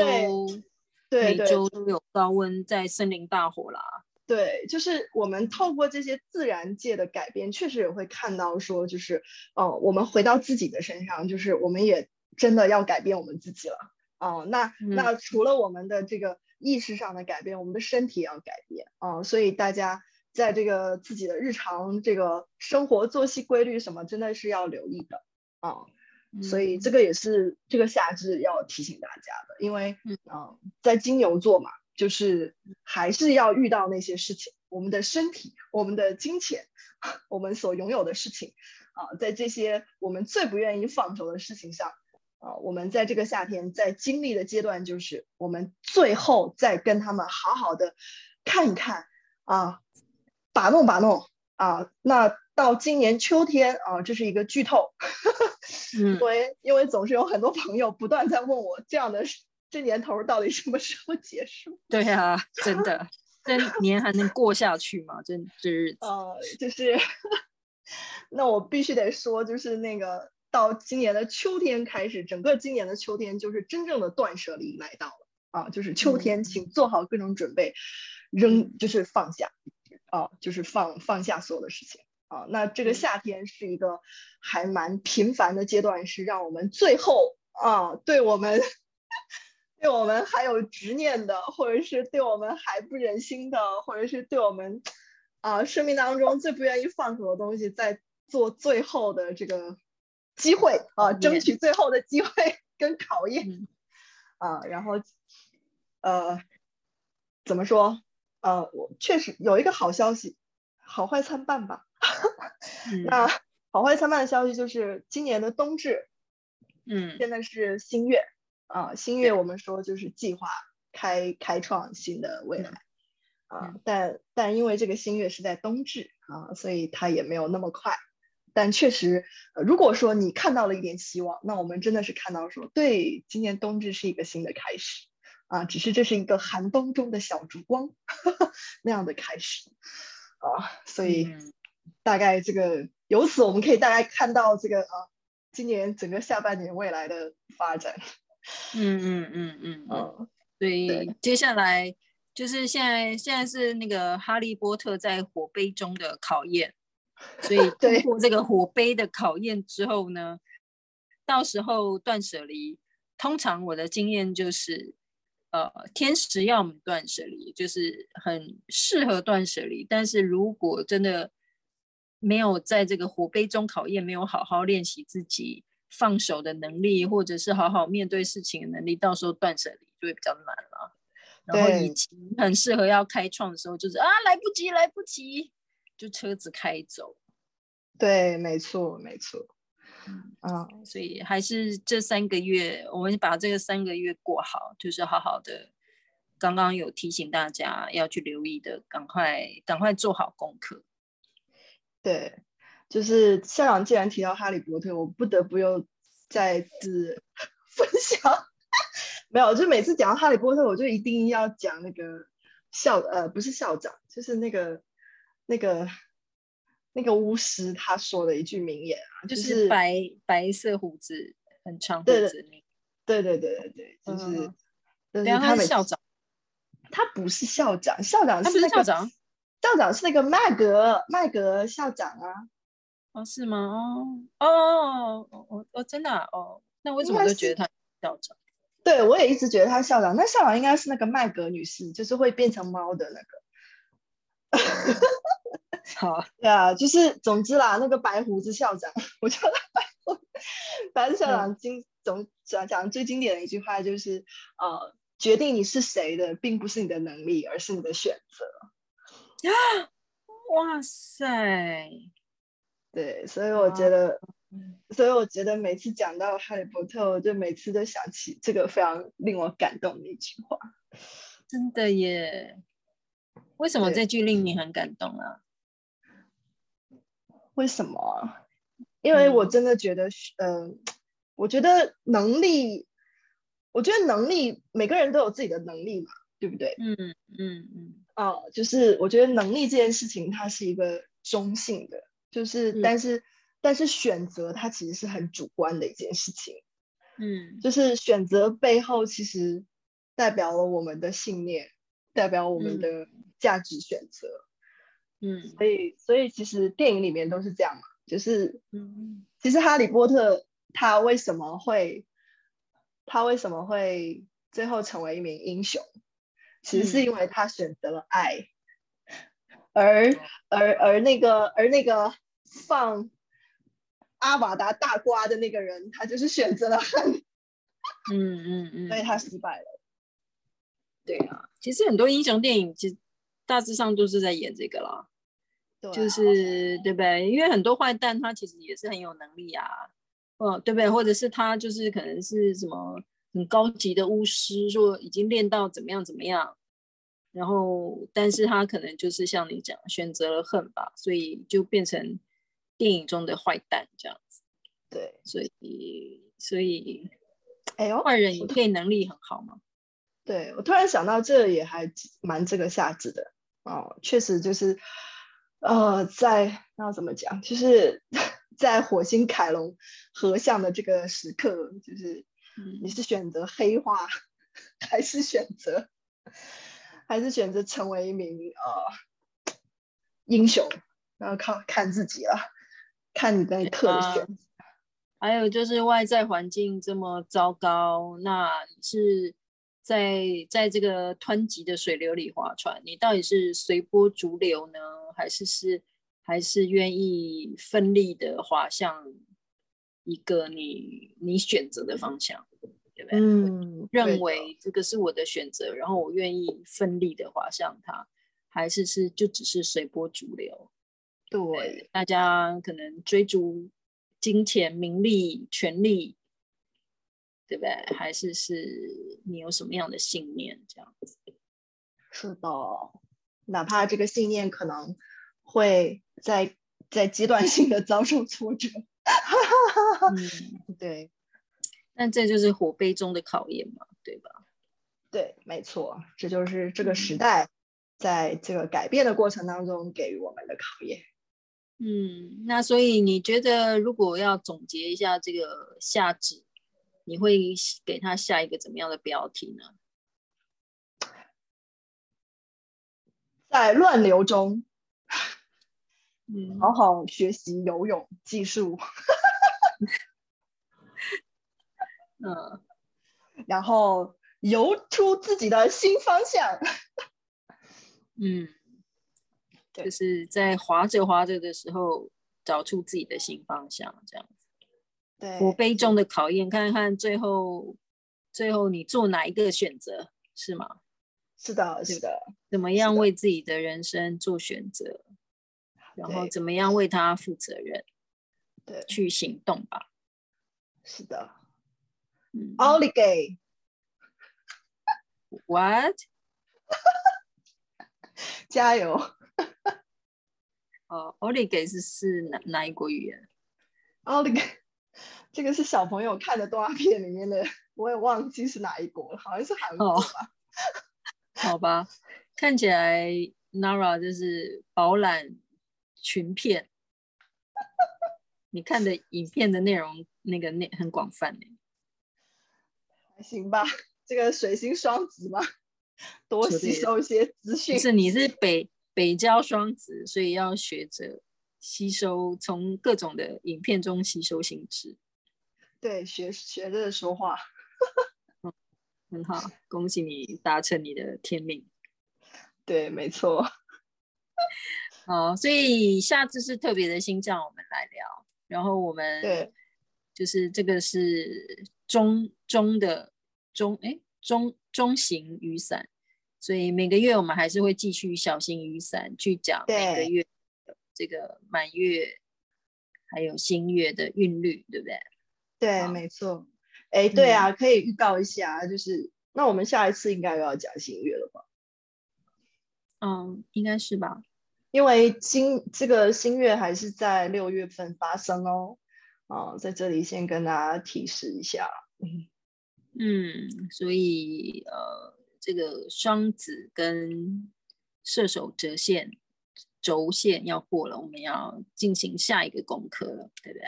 對對對，美洲都有高溫，在森林大火啦。對，就是我們透過這些自然界的改變，確實也會看到說，就是哦，我們回到自己的身上，就是我們也。真的要改變我們自己了啊！那那除了我們的這個意識上的改變，嗯、我們的身體也要改變啊。所以大家在這個自己的日常這個生活作息規律什麼，真的是要留意的啊。所以這個也是這個夏至要提醒大家的，因為嗯、啊，在金牛座嘛，就是還是要遇到那些事情，我們的身體、我們的金錢、我們所擁有的事情啊，在這些我們最不願意放手的事情上。啊、呃，我們在這個夏天在經歷的階段，就是我們最後再跟他們好好的看一看啊，把弄把弄啊。那到今年秋天啊、呃，這是一個劇透，因為、嗯、因為總是有很多朋友不斷在問我這樣的這年頭到底什麼時候結束？對啊，真的， 這年還能過下去嗎？真的。這、這日子啊、呃，就是那我必須得說，就是那個。到今年的秋天開始，整個今年的秋天就是真正的斷捨離來到了啊，就是秋天，請做好各種準備，嗯、扔就是放下，啊，就是放放下所有的事情啊。那這個夏天是一個還蠻頻繁的階段，是讓我們最後啊，對我們 對我們還有執念的，或者是對我們還不忍心的，或者是對我們啊生命當中最不願意放手的東西，在做最後的這個。機會啊、嗯，爭取最後的機會跟考驗、嗯、啊，然後呃，怎麼說？呃、啊，我確實有一個好消息，好壞參半吧。那、 嗯啊、好壞參半的消息就是今年的冬至，嗯，現在是新月啊，新月我們說就是計劃開開創新的未來、嗯、啊，嗯、但但因為這個新月是在冬至啊，所以它也沒有那麼快。但確實、呃，如果說你看到了一點希望，那我們真的是看到說，對，今年冬至是一個新的開始，啊，只是這是一個寒冬中的小燭光，呵呵，那樣的開始，啊，所以、嗯、大概這個由此我們可以大概看到這個啊，今年整個下半年未來的發展。嗯嗯嗯嗯，嗯，嗯、哦、所以對，接下來就是現在現在是那個哈利波特在火盃中的考驗。 所以對，過這個火杯的考驗之後呢， 到時候斷捨離，通常我的經驗就是，呃，天時要我們斷捨離，就是很適合斷捨離。但是如果真的沒有在這個火杯中考驗，沒有好好練習自己放手的能力，或者是好好面對事情的能力，到時候斷捨離就會比較難了。然後以前很適合要開創的時候，就是啊，來不及，來不及。就車子開走，對，沒錯，沒錯，嗯，嗯，所以還是這三個月，我們把這個三個月過好，就是好好的。剛剛有提醒大家要去留意的，趕快趕快做好功課。對，就是校長既然提到哈利波特，我不得不又再次分享。沒有，就每次講到哈利波特，我就一定要講那個校呃，不是校長，就是那個。那個那個巫師他說的一句名言啊，就是、就是、白白色鬍子很長鬍子，那對對對對，就是梁、嗯、校長，他不是校長，校長是那個是校長，校長是那個麥格麥格校長啊，哦是嗎？哦哦哦哦哦，真的、啊、哦，那為什麼都覺得他校長？對，我也一直覺得他校長，那校長應該是那個麥格女士，就是會變成貓的那個。哈哈，好呀，就是總之啦，那個白鬍子校長，我叫白鬍子，白子校長經總講講最經典的一句話就是：mm. 呃，決定你是誰的，並不是你的能力，而是你的選擇。 哇塞！對，所以我覺得，oh. 所以我覺得每次講到《哈利波特》，我就每次都想起這個非常令我感動的一句話。真的耶！為什麼這句令你很感動啊？為什麼？因為我真的覺得，嗯、呃，我覺得能力，我覺得能力，每個人都有自己的能力嘛，對不對？嗯嗯嗯。哦，就是我覺得能力這件事情，它是一個中性的，就是但是、嗯、但是選擇它其實是很主觀的一件事情。嗯，就是選擇背後其實代表了我們的信念。代表我們的價值選擇，嗯，所以所以其實電影裡面都是這樣嘛，就是，嗯，其實哈利波特他為什麼會他為什麼會最後成為一名英雄，其實是因為他選擇了愛，嗯，而而而那個而那個放阿瓦達大瓜的那個人，他就是選擇了恨，嗯嗯嗯，所以他失敗了。對啊，其實很多英雄電影其實大致上都是在演這個啦、對啊，就是、嗯、對不對？因為很多壞蛋他其實也是很有能力啊，嗯、哦，對不對？或者是他就是可能是什麼很高級的巫師，說已經練到怎麼樣怎麼樣，然後但是他可能就是像你講，選擇了恨吧，所以就變成電影中的壞蛋這樣子。對，所以所以，哎呦，壞人也可以能力很好嘛。對，我突然想到，這也還蠻這個夏至的哦，確實就是，呃，在那要怎麼講，就是在火星凱龍合相的這個時刻，就是你是選擇黑化，嗯、還是選擇，還是選擇成為一名呃英雄，然後看看自己了、啊，看你的選擇。還有就是外在環境這麼糟糕，那是。在在這個湍急的水流裡划船，你到底是隨波逐流呢，還是是還是願意奮力的划向一個你你選擇的方向，嗯，對不對？嗯，認為這個是我的選擇，然後我願意奮力的划向它，還是是就只是隨波逐流？對。對，大家可能追逐金錢、名利、權力。對不對？還是是你有什麼樣的信念這樣子？是的，哪怕這個信念可能會在在階段性的遭受挫折。 嗯、對，但這就是火杯中的考驗嘛，對吧？對，沒錯，這就是這個時代在這個改變的過程當中給予我們的考驗。嗯，那所以你覺得，如果要總結一下這個夏至？你會給他下一個怎麼樣的標題呢？在亂流中，嗯，好好學習游泳技術， 嗯，然後游出自己的新方向， 嗯，就是在劃着劃着的時候找出自己的新方向，這樣。對，我杯中的考驗，看看最後、最後你做哪一個選擇是嗎？是的，是的，怎麼樣為自己的人生做選擇，然後怎麼樣為他負責任？對，去行動吧。是的。奧利給，what？ 加油。哦，奧利給是是哪、哪一國語言？奧利給這個是小朋友看的動畫片裡面的，我也忘記是哪一國了，好像是韓國吧？好。好吧，看起來 Nara 就是飽覽群片， 你看的影片的內容那個內很廣泛呢，還行吧？這個水星雙子嘛，多吸收一些資訊。是你是北北交雙子，所以要學着。吸收從各種的影片中吸收心智，對，學學着說話、 嗯，很好，恭喜你達成你的天命。對，沒錯。 好，所以下次是特別的新帳，我們來聊。然後我們對，就是這個是中中的中哎、欸、中中型雨傘，所以每個月我們還是會繼續小型雨傘去講每個月，這個滿月還有新月的韻律，對不對？對，哦、沒錯。哎，對啊，嗯，可以預告一下，就是那我們下一次應該又要講新月了吧？嗯，應該是吧。因為新這個新月還是在六月份發生哦。啊、哦，在這裡先跟大家提示一下。嗯，所以呃，這個雙子跟射手折線。軸線要過了，我們要進行下一個功課了，對不對？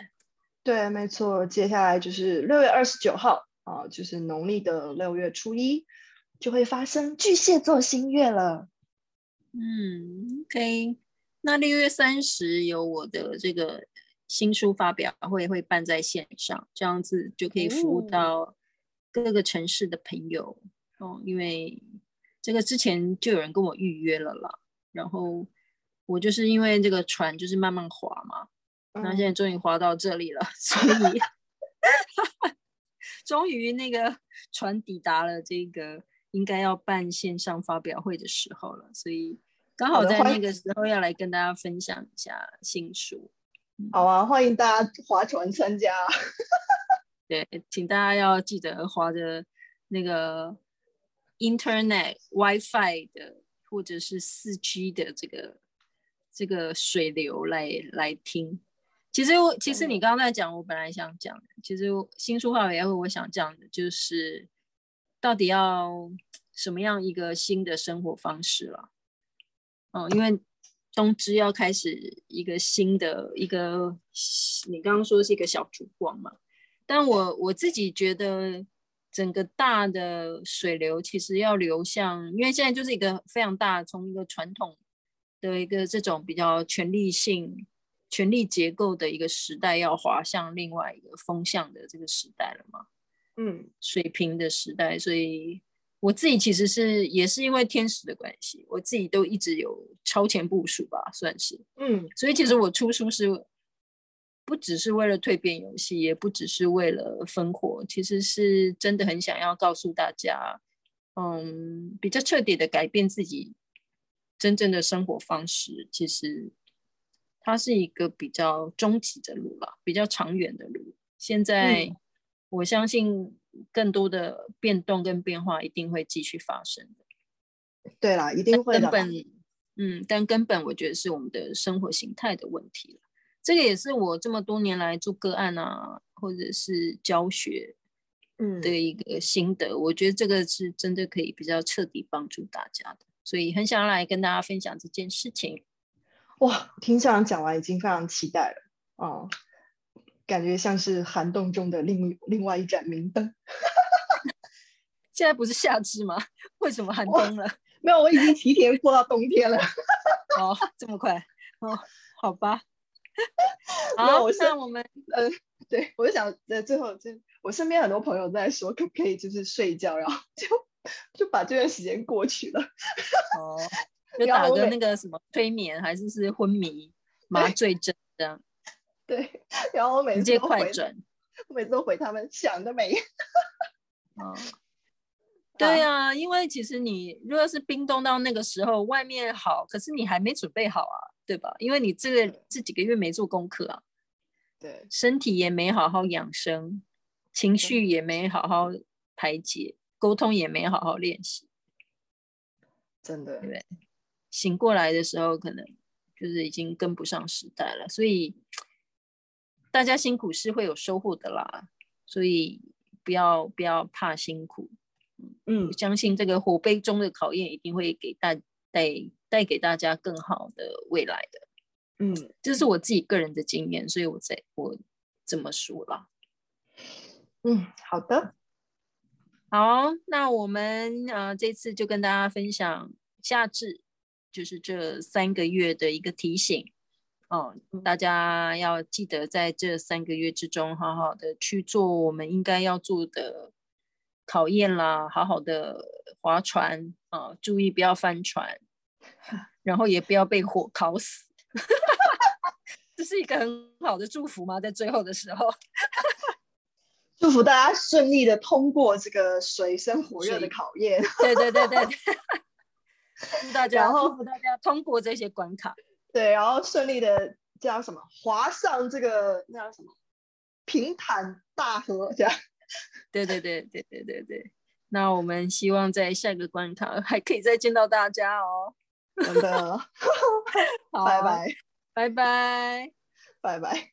對，沒錯。接下來就是六月二十九號，啊，就是農曆的六月初一，就會發生巨蟹座新月了。嗯，OK。那六月三十有我的這個新書發表會會辦在線上，這樣子就可以服務到各個城市的朋友，嗯，哦，因為這個之前就有人跟我預約了啦，然後。我就是因為這個船就是慢慢滑嘛，嗯、那現在終於滑到這裡了，所以 終於那個船抵達了這個應該要辦線上發表會的時候了，所以剛好在那個時候要來跟大家分享一下新書，嗯，好啊，歡迎大家划船參加。 對，請大家要記得划着那個 Internet WiFi 的或者是 4G 的這個。這個水流來來聽，其實我其實你剛剛在講，我本來想講，其實新書發表會我想講的就是，到底要什麼樣一個新的生活方式了、啊？哦、嗯，因為冬至要開始一個新的一個，你剛剛說是一個小燭光嘛，但我我自己覺得整個大的水流其實要流向，因為現在就是一個非常大從一個傳統。的一個這種比較權力性、權力結構的一個時代，要滑向另外一個風向的這個時代了嘛。嗯，水瓶的時代，所以我自己其實是也是因為天使的關係，我自己都一直有超前部署吧，算是。嗯，所以其實我出書是不只是為了蛻變遊戲，也不只是為了分火，其實是真的很想要告訴大家，嗯，比較徹底的改變自己。真正的生活方式，其實它是一個比較終極的路了，比較長遠的路。現在我相信更多的變動跟變化一定會繼續發生的。嗯，對啦，一定會。根本，嗯，但根本我覺得是我們的生活形態的問題啦。這個也是我這麼多年來做個案啊，或者是教學，嗯，的一個心得，嗯。我覺得這個是真的可以比較徹底幫助大家的。所以很想來跟大家分享這件事情。哇，聽校長講完已經非常期待了。哦，感覺像是寒冬中的另另外一盞明燈。 現在不是夏至嗎？為什麼寒冬了？沒有，我已經提前過到冬天了。 哦，這麼快？哦，好吧。啊，我像我們，呃、嗯，對我想，在最後就我身邊很多朋友在說，可不可以就是睡一覺，然後就。就把這段時間過去了， 哦，就打個那個什麼催眠，還是是昏迷麻醉針這樣。對，然後我每次快轉，我 每次都回他們想得美。 哦、啊，對啊，因為其實你如果是冰凍到那個時候，外面好，可是你還沒準備好啊，對吧？因為你這個這幾個月沒做功課啊，對，身體也沒好好養生，情緒也沒好好排解。溝通也沒好好練習，真的。因為醒過來的時候，可能就是已經跟不上時代了。所以大家辛苦是會有收穫的啦，所以不要不要怕辛苦。嗯，相信這個火盃中的考驗一定會給大帶帶，帶給大家更好的未來的。嗯，這是我自己個人的經驗，所以我在我這麼說啦。嗯，好的。好，那我們呃這次就跟大家分享夏至，就是這三個月的一個提醒哦。大家要記得在這三個月之中，好好的去做我們應該要做的考驗啦，好好的划船啊，哦，注意不要翻船，然後也不要被火烤死。 這是一個很好的祝福嗎？在最後的時候。祝福大家順利的通過這個水深火熱的考驗。對對對對。 祝福大家，然後祝大家通過這些關卡。對，然後順利的叫什麼？劃上這個那叫什麼？平坦大河，這樣。 對對對對對對對。那我們希望在下個關卡還可以再見到大家哦。好 我們的。 好、哦，拜拜。拜拜。拜拜。